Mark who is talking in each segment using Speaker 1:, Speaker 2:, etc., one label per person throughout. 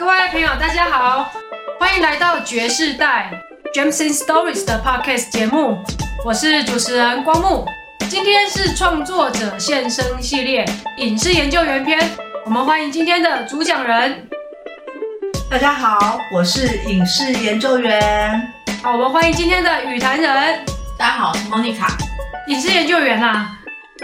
Speaker 1: 各位朋友，大家好，歡迎來到《覺世代》Gems in Stories 的 Podcast 節目，我是主持人光目，今天是創作者現聲系列隱世研究員篇，我們歡迎今天的主講人。大家好，我是隱世研究員。好，我們歡迎今天的與談人。大家好，我是 Monica。隱世研究員吶、啊，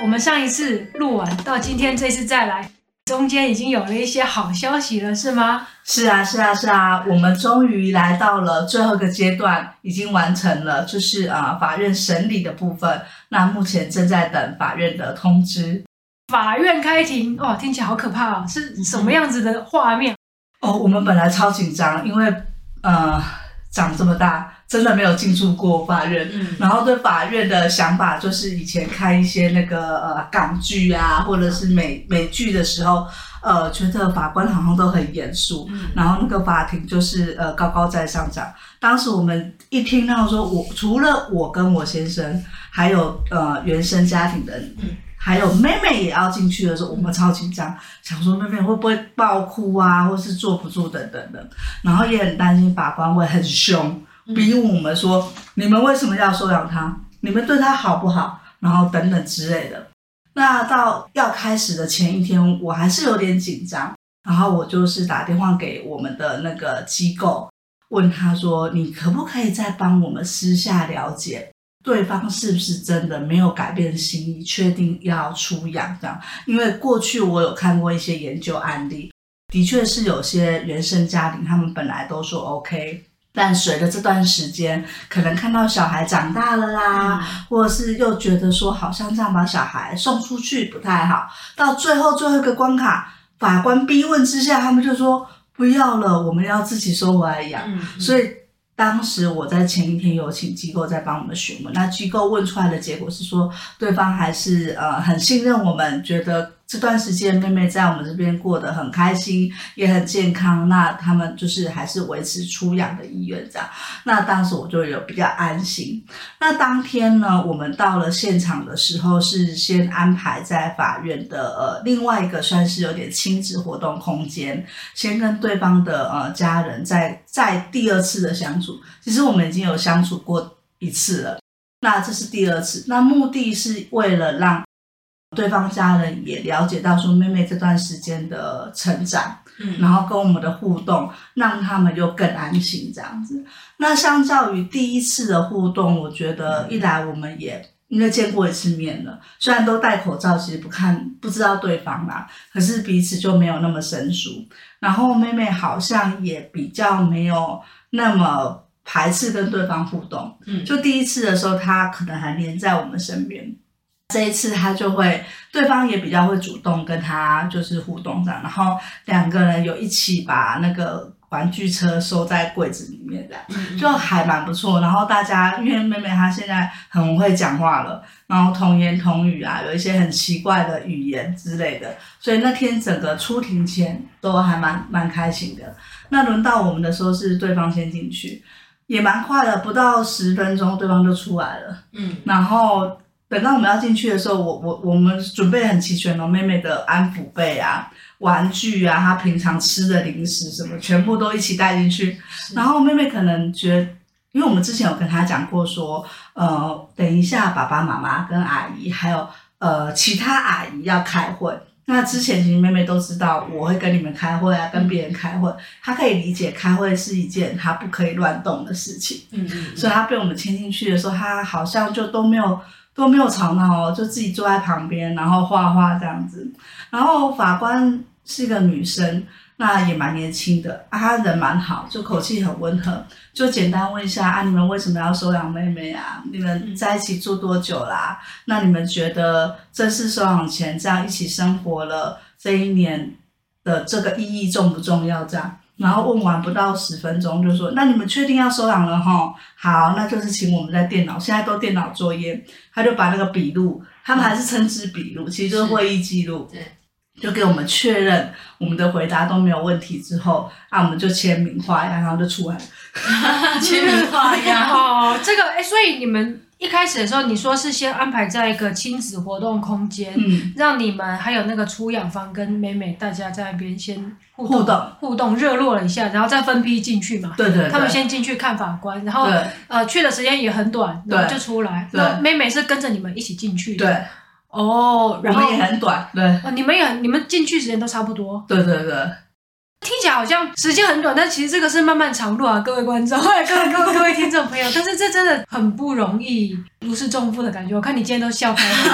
Speaker 1: 我們上一次錄完到今天這次再來。中間已經有了一些好消息了，是嗎？是啊，是啊，是啊，我們終於來到了最後一個階段，已
Speaker 2: 經完成了，就是啊，法院審理的部分。那目前正在等法院的通知。
Speaker 1: 法院開庭，哇、哦，聽起來好可怕哦、啊，是什麼樣子的畫面、嗯？
Speaker 2: 哦，我們本來超緊張，因為呃，長這麼大。真的沒有進出過法院，嗯，然後對法院的想法就是以前看一些那個呃港劇啊，或者是美美劇的時候，呃覺得法官好像都很嚴肅，嗯，然後那個法庭就是呃高高在上這樣。當時我們一聽到說我，我除了我跟我先生，還有呃原生家庭的人，還有妹妹也要進去的時候，我們超緊張，想說妹妹會不會爆哭啊，或是坐不住等等的。然後也很擔心法官會很凶。逼、嗯、我們說，你們為什麼要收養他？你們對他好不好？然後等等之類的。那到要開始的前一天，我還是有點緊張。然後我就是打電話給我們的那個機構，問他說：“你可不可以再幫我們私下了解對方是不是真的沒有改變心意，確定要出養，這樣。因為過去我有看過一些研究案例，的確是有些原生家庭，他們本來都說 OK。”但隨着這段時間，可能看到小孩長大了啦，嗯、或是又覺得說好像這樣把小孩送出去不太好，到最後最後一個關卡，法官逼問之下，他們就說不要了，我們要自己收回來養、嗯嗯。所以。當時我在前一天有請機構在幫我們詢問，那機構問出來的結果是說，對方還是呃很信任我們，覺得這段時間妹妹在我們這邊過得很開心，也很健康，那他們就是還是維持出養的意願這樣。那當時我就有比較安心。那當天呢，我們到了現場的時候，是先安排在法院的呃另外一個算是有點親子活動空間，先跟對方的呃家人在。在第二次的相處，其實我們已經有相處過一次了，那這是第二次，那目的是為了讓對方家人也了解到說妹妹這段時間的成長，嗯，然後跟我們的互動，讓他們又更安心這樣子。那相較於第一次的互動，我覺得一來我們也。因為見過一次面了，雖然都戴口罩，其實不看不知道對方啦，可是彼此就沒有那麼生疏。然後妹妹好像也比較沒有那麼排斥跟對方互動，嗯，就第一次的時候她可能還黏在我們身邊，這一次她就會，對方也比較會主動跟她就是互動這樣，然後兩個人有一起把那個。玩具車收在櫃子裡面的，就還蠻不錯。然後大家，因為妹妹她現在很會講話了，然後童言童語啊，有一些很奇怪的語言之類的，所以那天整個出庭前都還蠻蠻開心的。那輪到我們的時候是對方先進去，也蠻快的，不到十分鐘對方就出來了。嗯，然後等到我們要進去的時候，我我我們準備很齊全哦，妹妹的安撫被啊。玩具啊，他平常吃的零食什麼，全部都一起帶進去。然後妹妹可能覺得，因為我們之前有跟他講過，說，呃，等一下爸爸媽媽跟阿姨還有呃其他阿姨要開會。那之前其實妹妹都知道，我會跟你們開會啊，跟別人開會，她、嗯、可以理解開會是一件她不可以亂動的事情。嗯嗯。所以她被我們牽進去的時候，她好像就都沒有。都沒有吵鬧哦，就自己坐在旁邊，然後畫畫這樣子。然後法官是一個女生，那也蠻年輕的，啊，她人蠻好，就口氣很溫和，就簡單問一下啊，你們為什麼要收養妹妹啊？你們在一起住多久啦，啊？那你們覺得正式收養前這樣一起生活了這一年的這個意義重不重要這樣？然後問完不到十分鐘，就說：“那你們確定要收養了哈？好，那就是請我們在電腦，現在都電腦作業。”他就把那個筆錄，他們還是稱之筆錄，其實就是會議記錄對，就給我們確認我們的回答都沒有問題之後，啊，我們就簽名畫押，然後就出來、
Speaker 1: 啊、簽名畫押、 嗯、哦，這個誒、欸、所以你們一開始的時候，你說是先安排在一個親子活動空間，嗯、讓你們還有那個出養方跟美美大家在那邊先。互動互動，互動熱絡了一下，然後再分批進去嘛。對對，對，他們先進去看法官，然後呃，去的時間也很短，然後就出來。那妹妹是跟着你們一起進去的。對，哦，然後也很短，對。你們也你們進去時間都差不多。對對對，聽起來好像時間很短，但其實這個是漫漫長路啊，各位觀眾，各各各位聽眾朋友， 但是這真的很不容易，如釋重負的感覺。我看你今天都笑開了。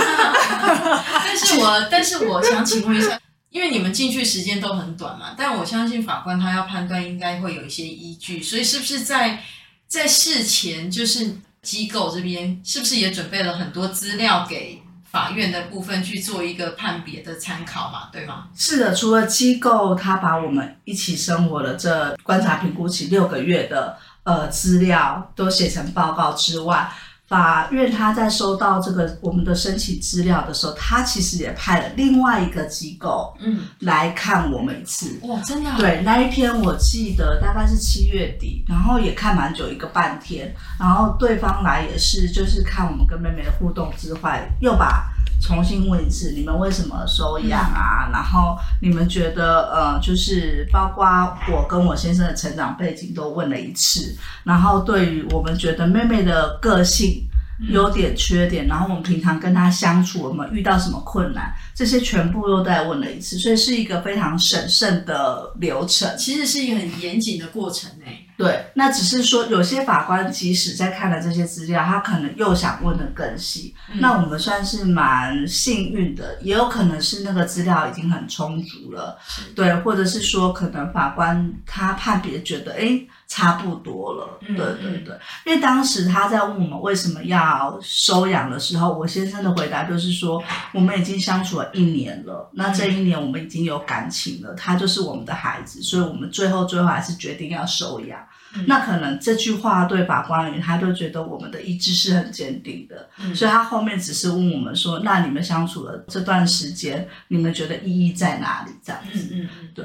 Speaker 1: 但
Speaker 3: 是我但是我想請問一下。 因為你們進去時間都很短嘛，但我相信法官他要判斷應該會有一些依據，所以是不是在在事前就是機構這邊是不是也準備了很多資料給法院的部分去做一個判別的參考嘛？對嗎？
Speaker 2: 是的，除了機構他把我們一起生活的這觀察評估期六個月的呃資料都寫成報告之外。把，因為他在收到這個我們的申請資料的時候，他其實也派了另外一個機構，嗯，來看我們一次。
Speaker 3: 哇，真的？對，
Speaker 2: 那一天我記得大概是七月底，然後，也看蠻久一個半天，然後對方來也是就是看我們跟妹妹的互動之外，又把。重新問一次，你們為什麼收養啊、嗯？然後你們覺得，呃，就是包括我跟我先生的成長背景都問了一次，然後對於我們覺得妹妹的個性、優點、缺點、嗯，然後我們平常跟她相處，我們遇到什麼困難，這些全部都在問了一次，所以是一個非常審慎的流
Speaker 3: 程，其實是一個很嚴謹的過程呢。
Speaker 2: 對，那只是說有些法官即使在看了這些資料，他可能又想問得更細、嗯。那我們算是蠻幸運的，也有可能是那個資料已經很充足了。對，或者是說可能法官他判別覺得誒差不多了、嗯。對對對，因為當時他在問我們為什麼要收養的時候，我先生的回答就是說我們已經相處了一年了，那這一年我們已經有感情了，他就是我們的孩子，所以我們最後最後還是決定要收養。嗯、那可能這句話對法官而言，他就覺得我們的意志是很堅定的、嗯，所以他後面只是問我們說：“那你們相處的這段時間，你們覺得意義在哪裡？”這樣子，嗯嗯對。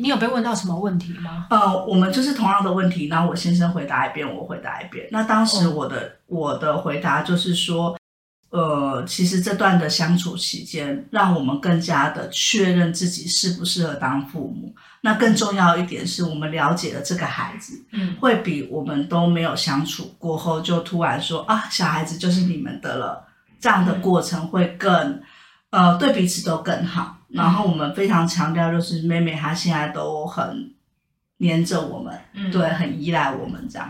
Speaker 2: 你有被問到什麼問題嗎？呃，我們就是同樣的問題，那我先生回答一遍，我回答一遍。那當時我的、嗯、我的回答就是說，呃，其實這段的相處期間，讓我們更加的確認自己適不適合當父母。那更重要一點是，我們了解了這個孩子，嗯，會比我們都沒有相處過後就突然說啊，小孩子就是你們的了、嗯，這樣的過程會更，呃，對彼此都更好。嗯、然後我們非常強調，就是妹妹她現在都很黏着我們、嗯，對，很依賴我們這樣。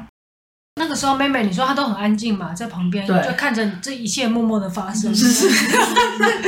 Speaker 1: 那個時候妹妹，你說她都很安靜嘛，在旁邊就看着這一切默默的發生，是不是？是是是是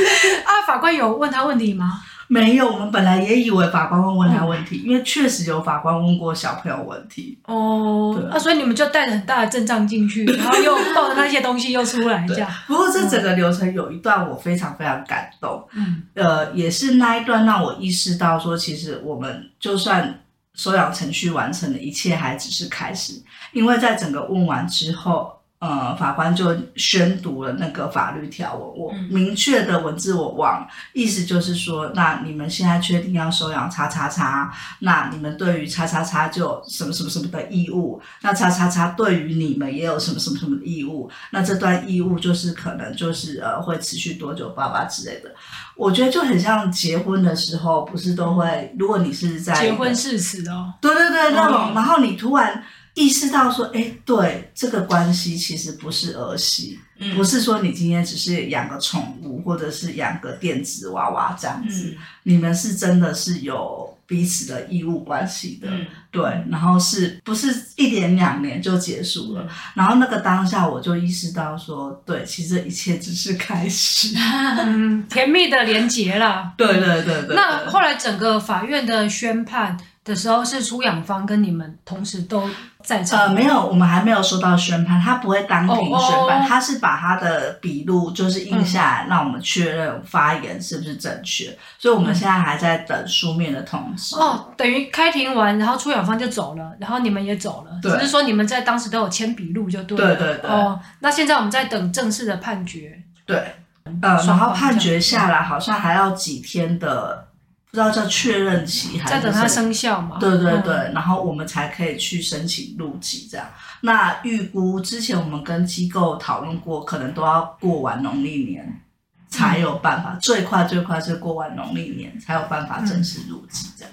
Speaker 1: 是 啊，法官有問她問題嗎？
Speaker 2: 沒有，我們本來也以為法官會問他問題、嗯，因為確實有法官問過小朋友問題。
Speaker 1: 哦，對啊，所以你們就帶着很大的陣仗進去， 然後又抱着那
Speaker 2: 些東西又出來一下，這樣。不過這整個流程有一段我非常非常感動，嗯、呃，也是那一段讓我意識到說，其實我們就算收養程序，完成了一切還只是開始，因為在整個問完之後。呃、嗯，法官就宣讀了那個法律條文，我明確的文字我忘了、嗯，意思就是說，那你們現在確定要收養叉叉叉，那你們對於叉叉叉就什麼什麼什麼的義務，那叉叉叉對於你們也有什麼什麼什麼的義務，那這段義務就是可能就是呃會持續多久、爸爸之類的。我覺得就很像結婚的時候，不是都會，如果你是在結婚
Speaker 1: 誓詞哦，
Speaker 2: 對對對那種、哦，然後你突然，意識到說，誒對，這個關係其實不是兒戲、嗯，不是說你今天只是養個寵物，或者是養個電子娃娃這樣子，嗯、你們是真的是有彼此的義務關係的，嗯、對。然後是不是一年兩年就結束了？嗯、然後那個當下，我就意識到說，對，其實一切只是開始，
Speaker 1: 嗯、 甜蜜的連結了。對，
Speaker 2: 對對對對。那後
Speaker 1: 來整個法院的宣判。的時候，是出養方跟你們同時都在場？
Speaker 2: 呃，沒有，我們還沒有收到宣判，他不會當庭宣判，哦哦、他是把他的筆錄就是印下來，嗯、讓我們確認我們發言是不是正確、嗯。所以我們現在還在等書面的通知。哦，
Speaker 1: 等於開庭完，然後出養方就走了，然後你們也走了，對，只是說你們在當時都有簽筆錄就對了。對對對。哦，那現在我們在等正式的判決。
Speaker 2: 對。呃，然後判決下來好像還要幾天的。不知道叫確認期還是在等它生效嗎？對對對，然後我們才可以去申請入籍這樣。那預估之前我們跟機構討論過，可能都要過完農曆年才有辦法，最快最快是過完農曆年才有辦法正式入籍。這
Speaker 1: 樣。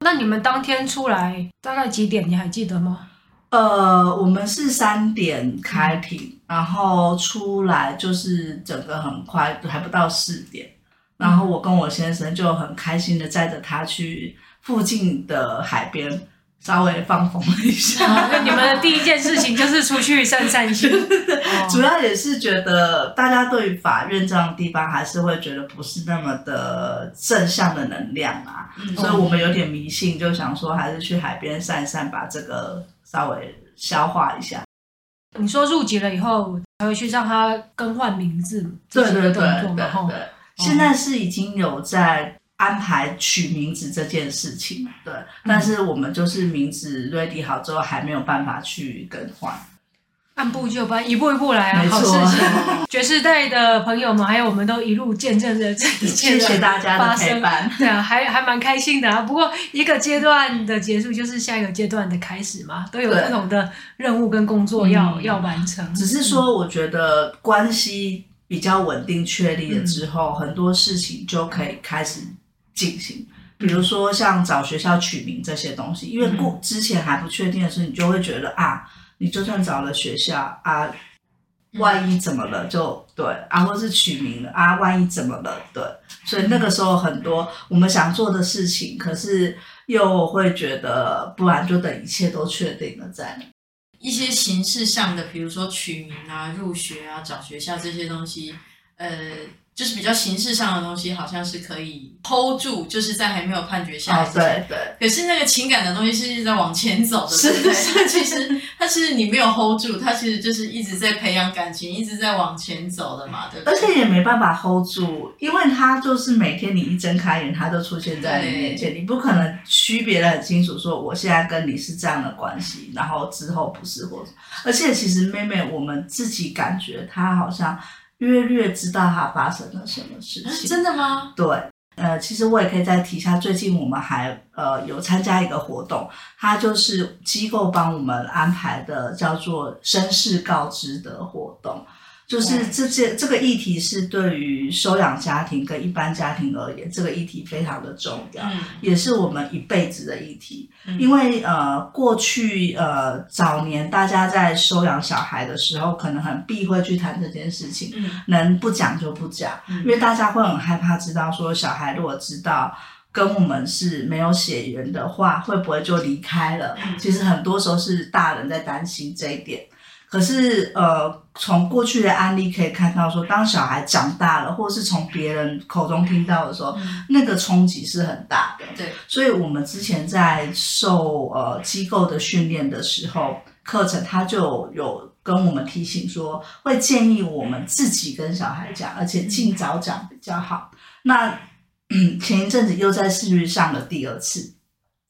Speaker 1: 那你們當天出來大概幾點？你還記得嗎？呃，我們是三
Speaker 2: 點開庭，然後出來就是整個很快，還不到四點。然後我跟我先生就很開心的載着他去附近的海邊，稍微放風了一下。啊、
Speaker 1: 因為你們的第一件事情就是出去散散心，
Speaker 2: 主要也是覺得大家對於法院這樣的地方還是會覺得不是那麼的正向的能量啊、嗯，所以我們有點迷信，就想說還是去海邊散散，把這個稍微消化一下。你
Speaker 1: 說入籍了以後才會去讓他更換名字，對對對，對對對，然後。現
Speaker 2: 在是已經有在安排取名字這件事情，對，嗯，但是我們就是名字 ready 好之後，還沒有辦法去更換。
Speaker 1: 按部就班，一步一步來，沒錯。好事情 覺世代的朋友們，還有我們都一路見證着這一切的發生，謝謝大家的陪伴。對啊，還還蠻開心的啊。不過一個階段的結束，就是下一個階段的開始嘛，都有不同的任務跟工作要要完成。只是說，
Speaker 2: 我覺得關係。比較穩定確立了之後，很多事情就可以開始進行。比如說像找學校取名這些東西，因為過之前還不確定的時候，你就會覺得啊，你就算找了學校啊，萬一怎麼了就對啊，或是取名了，啊，萬一怎麼了對。所以那個時候，很多我們想做的事情，可是又會覺得，不然就等一切都確定了再。
Speaker 3: 一些形式上的，比如說取名啊、入學啊、找學校這些東西，呃。就是比較形式上的東西，好像是可以 hold 住，就是在還沒有判決下，哦。對對。可是那個情感的東西是一直在往前走的，是對不對是。其實 它其實你沒有 hold 住，它其實就是一直在培養感情，一直在往前走的嘛，對不
Speaker 2: 對？而且也沒辦法 hold 住，因為他就是每天你一睜開眼，他都出現在你面前，你不可能區別的很清楚，說我現在跟你是這樣的關係，然後之後不是或者。而且其實妹妹，我們自己感覺她好像。約略，略知道它發生了什麼事情？真的嗎？對，呃，其實我也可以再提一下，最近我們還呃有參加一個活動，它就是機構幫我們安排的，叫做生事告知的活動。就是這些、嗯、這個議題是對於收養家庭跟一般家庭而言，這個議題非常的重要，嗯、也是我們一輩子的議題。嗯、因為呃，過去呃早年大家在收養小孩的時候，可能很避諱去談這件事情，嗯、能不講就不講、嗯，因為大家會很害怕知道說小孩如果知道跟我們是沒有血緣的話，會不會就離開了？嗯、其實很多時候是大人在擔心這一點。可是，呃，從過去的案例可以看到說，說當小孩長大了，或是從別人口中聽到的時候，嗯，那個衝擊是很大的。對，所以我們之前在受呃機構的訓練的時候，課程他就有跟我們提醒說，會建議我們自己跟小孩講，而且盡早講比較好。嗯，那前一陣子又在四月上了第二次，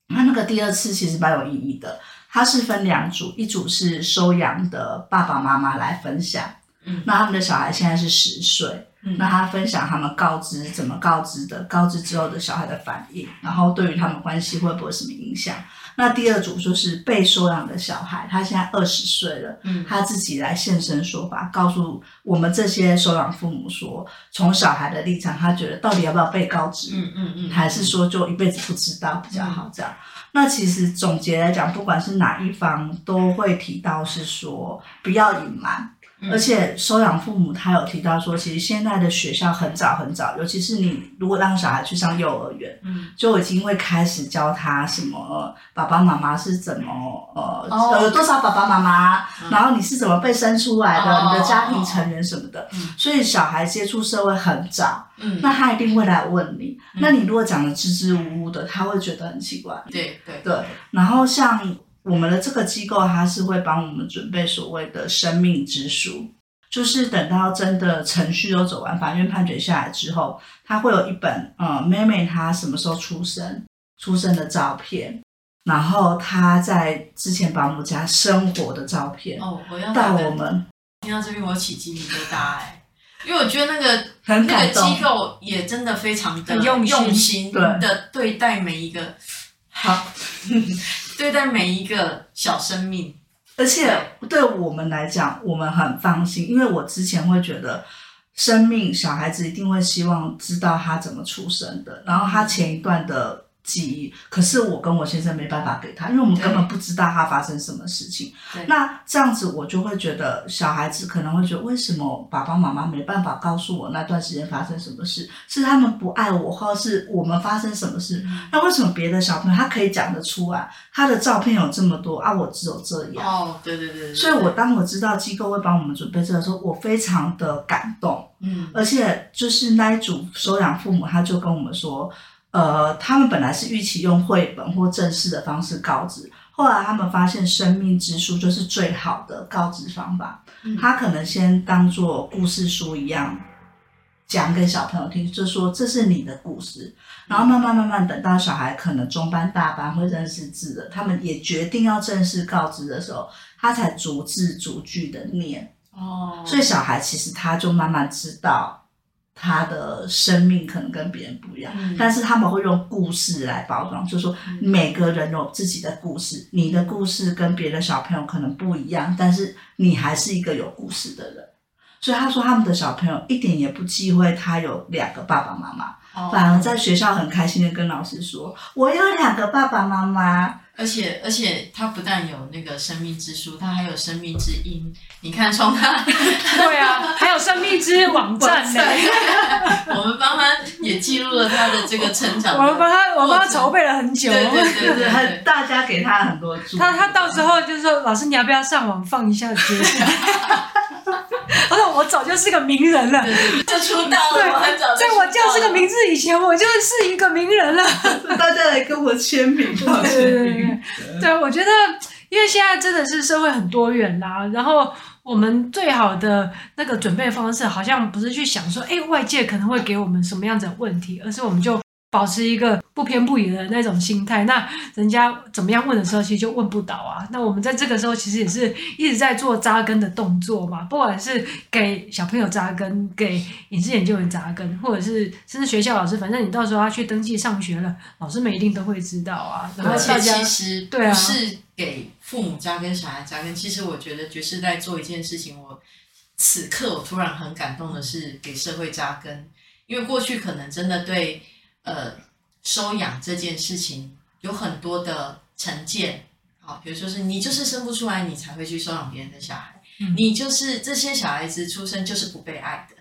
Speaker 2: 那那個第二次其實蠻有意義的。他是分兩組，一組是收養的爸爸媽媽來分享，嗯，那他們的小孩現在是十歲，嗯，那他分享他們告知怎麼告知的，告知之後的小孩的反應，然後對於他們關係會不會有什麼影響？那第二組就是被收養的小孩，他現在二十歲了，嗯，他自己來現身說法，告訴我們這些收養父母說，從小孩的立場，他覺得到底要不要被告知？嗯嗯嗯，還是說就一輩子不知道比較好？這樣。嗯嗯。那其實總結來講，不管是哪一方，都會提到是說不要隱瞞。而且收養父母，他有提到說，其實現在的學校很早很早，尤其是你如果讓小孩去上幼兒園、嗯，就已經會開始教他什麼爸爸媽媽是怎麼呃有、哦、多少爸爸媽媽、嗯，然後你是怎麼被生出來的，嗯、你的家庭成員什麼的、哦哦，所以小孩接觸社會很早、嗯，那他一定會來問你，嗯、那你如果講的支支吾吾的，他會覺得很奇怪，對對對，對，然後像。我們的這個機構，它是會幫我們準備所謂的生命之書，就是等到真的程序都走完，法院判決下來之後，它會有一本，呃、嗯，妹妹她什麼時候出生、出生的照片，然後她在之前保姆家生活的照片。哦，我要帶。帶我
Speaker 3: 們聽到這邊，我起雞皮疙瘩， 因為我覺得那個很感動，那個機構也真的非常的用心，對的對待每一個。 好。 對待每一個小生命，而且對我
Speaker 2: 們來講，我們很放心，因為我之前會覺得，生命小孩子一定會希望知道他怎麼出生的，然後他前一段的。記憶，可是我跟我先生沒辦法給他，因為我們根本不知道他發生什麼事情。對。那這樣子，我就會覺得小孩子可能會覺得，為什麼爸爸媽媽沒辦法告訴我那段時間發生什麼事？是他們不愛我，或是我們發生什麼事？那為什麼別的小朋友他可以講得出啊？他的照片有這麼多啊，我只有這樣。哦，對對對對。所以，我當我知道機構會幫我們準備這個時候，我非常的感動。嗯。而且，就是那一組收養父母，他就跟我們說。呃，他們本來是預期用繪本或正式的方式告知，後來他們發現生命之書就是最好的告知方法。他可能先當作故事書一樣講給小朋友聽，就說這是你的故事，然後慢慢慢慢，等到小孩可能中班、大班會認識字了，他們也決定要正式告知的時候，他才逐字逐句的念。哦，所以小孩其實他就慢慢知道，他的生命可能跟別人不一樣，嗯，但是他們會用故事來包裝，就是說每個人有自己的故事，嗯。你的故事跟別的小朋友可能不一樣，但是你還是一個有故事的人。所以他說，他們的小朋友一點也不忌諱他有兩個爸爸媽媽。哦、反而在學校很開心的跟老師說：“
Speaker 3: 我有兩個爸爸媽媽。”而且而且他不但有那個生命之書，他還有生命之音。你看，從 他對啊，還有生命之網站呢。 我們幫他也記錄了他的這個成長我。
Speaker 1: 我們幫他，我們幫他籌備了很久了。對對對，對，對，對，對他，大家給他很多、啊、他他到時候就說：“老師，你要不要上網放一下書？” 他說我早就是個名人了，對對對，就出道了，對，我很早，對我叫這個名字。以前我就是一個名人了，大家來跟我簽名。 對，對，我覺得，因為現在真的是社會很多元啦，然後我們最好的那個準備方式，好像不是去想說，哎，外界可能會給我們什麼樣子的問題，而是我們就。保持一個不偏不倚的那種心態，那人家怎麼樣問的時候，其實就問不倒啊。那我們在這個時候，其實也是一直在做紮根的動作嘛。不管是給小朋友紮根，給隱世研究員紮根，或者是甚至學校老師，反正你到時候要去登記上學了，老師們一定都會知道啊。然後大家，而且其實不是給父母紮根，對啊，是
Speaker 3: 給父母紮根，小孩紮根。其實我覺得覺世代在做一件事情，我此刻我突然很感動的是給社會紮根，因為過去可能真的對。呃，收養這件事情有很多的成見，好、哦，比如說是你就是生不出來，你才會去收養別人的小孩，嗯、你就是這些小孩子出生就是不被愛的，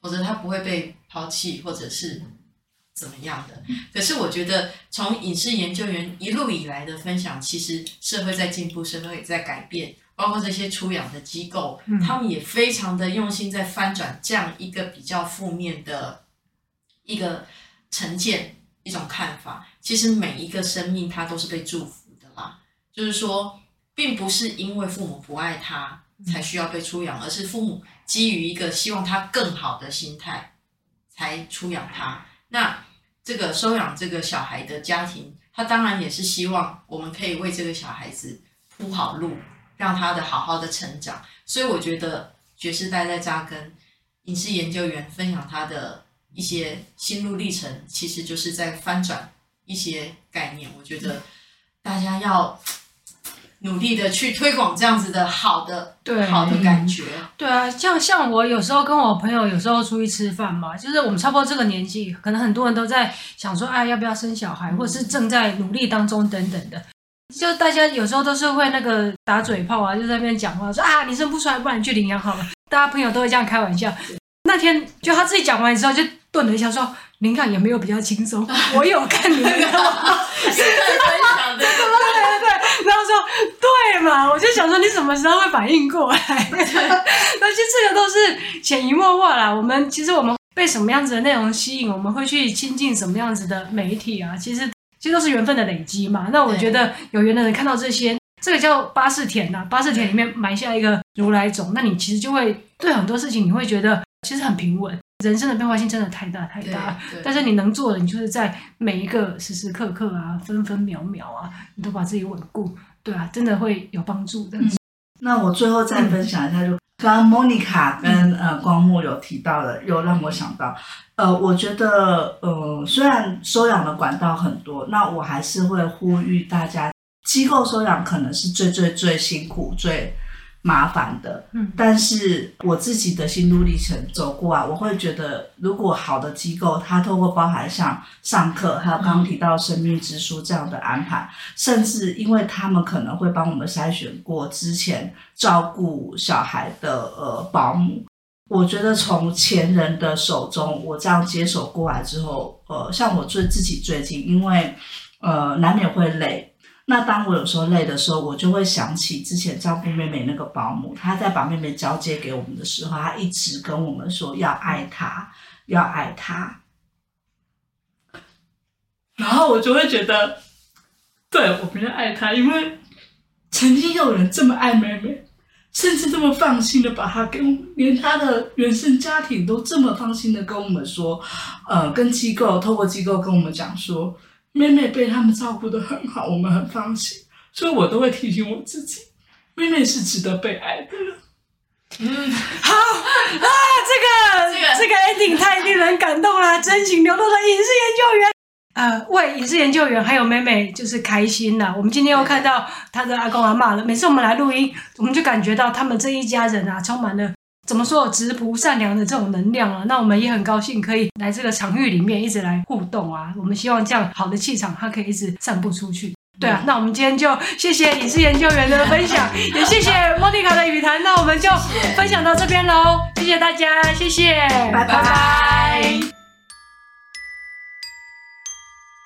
Speaker 3: 否則他不會被拋棄，或者是怎麼樣的。嗯、可是我覺得，從隱世研究員一路以來的分享，其實社會在進步，社會也在改變，包括這些出養的機構，嗯、他們也非常的用心在翻轉這樣一個比較負面的一個。成見，一種看法，其實每一個生命他都是被祝福的啦。就是說，並不是因為父母不愛他才需要被出養，嗯、而是父母基於一個希望他更好的心態才出養他。那這個收養這個小孩的家庭，他當然也是希望我們可以為這個小孩子鋪好路，讓他的好好的成長。所以我覺得覺世代在扎根隱世研究員分享他的。一些心路歷程，其實就是在翻轉一些概念。我覺得大家要努力的去推廣這樣子的好的、對、啊、好的感覺、啊。
Speaker 1: 對啊，像像我有時候跟我朋友有時候出去吃飯嘛，就是我們差不多這個年紀，可能很多人都在想說，哎，要不要生小孩，嗯、或者是正在努力當中等等的。就大家有時候都是會那個打嘴炮啊，就在那邊講話說啊，你生不出來，不然你去領養好了。大家朋友都會這樣開玩笑。那天就他自己講完之後，就頓了一下，說：“您看有沒有比較輕鬆？” 我有看你哈哈哈哈哈！ 然後 對，對對對，然後說：“對嘛？”我就想說你什麼時候會反應過來？ 對 那其實這個都是潛移默化啦。我們其實我們被什麼樣子的內容吸引，我們會去親近什麼樣子的媒體啊？其實其實都是緣分的累積嘛。那我覺得有緣的人看到這些，這個叫八識田吶、啊。八識田裡面埋下一個如來種，那你其實就會對很多事情你會覺得。其實很平穩，人生的變化性真的太大太大。但是你能做的，你就是在每一個時時刻刻啊、分分秒秒啊，你都把自己穩固，對啊，真的會有幫助的、嗯。那我最後再分享一
Speaker 2: 下就，就、嗯、剛剛 Monica 跟、嗯、呃光目有提到的，又讓我想到，呃，我覺得，嗯、呃，雖然收養的管道很多，那我還是會呼籲大家，機構收養可能是最最最辛苦最。麻煩的，嗯，但是我自己的心路歷程走過啊，我會覺得，如果好的機構，它透過包含像上課，還有剛剛提到生命之書這樣的安排，甚至因為他們可能會幫我們篩選過之前照顧小孩的呃保姆，我覺得從前人的手中我這樣接手過來之後，呃，像我最自己最近，因為呃難免會累。那當我有時候累的時候，我就會想起之前照顧妹妹那個保姆，她在把妹妹交接給我們的時候，她一直跟我們說要愛她，要愛她。然後我就會覺得，對，我比較愛她，因為曾經有人這麼愛妹妹，甚至這麼放心的把她跟，連她的原生家庭都這麼放心的跟我們說，呃，跟機構透過機構跟我們講說。妹妹被他們照顧得很好，我們很放心，所以我都會提醒我自己，妹妹是值得被愛的。嗯，好
Speaker 1: 啊，這個、這個、這個 ending 太令人感動了，真情流露的隱世研究員。呃，喂隱世研究員還有妹妹就是開心了，我們今天又看到她的阿公阿嬤了。每次我們來錄音，我們就感覺到他們這一家人啊，充滿了。怎麼說，質樸善良的這種能量啊，那我們也很高興可以來這個場域裡面一直來互動啊。我們希望這樣好的氣場，它可以一直散布出去。對啊、嗯，那我們今天就謝謝隱世研究員的分享，嗯、 也謝謝莫妮卡的與談、嗯。那我們就分享到這邊嘍，謝謝大家，謝謝，拜拜，拜，拜。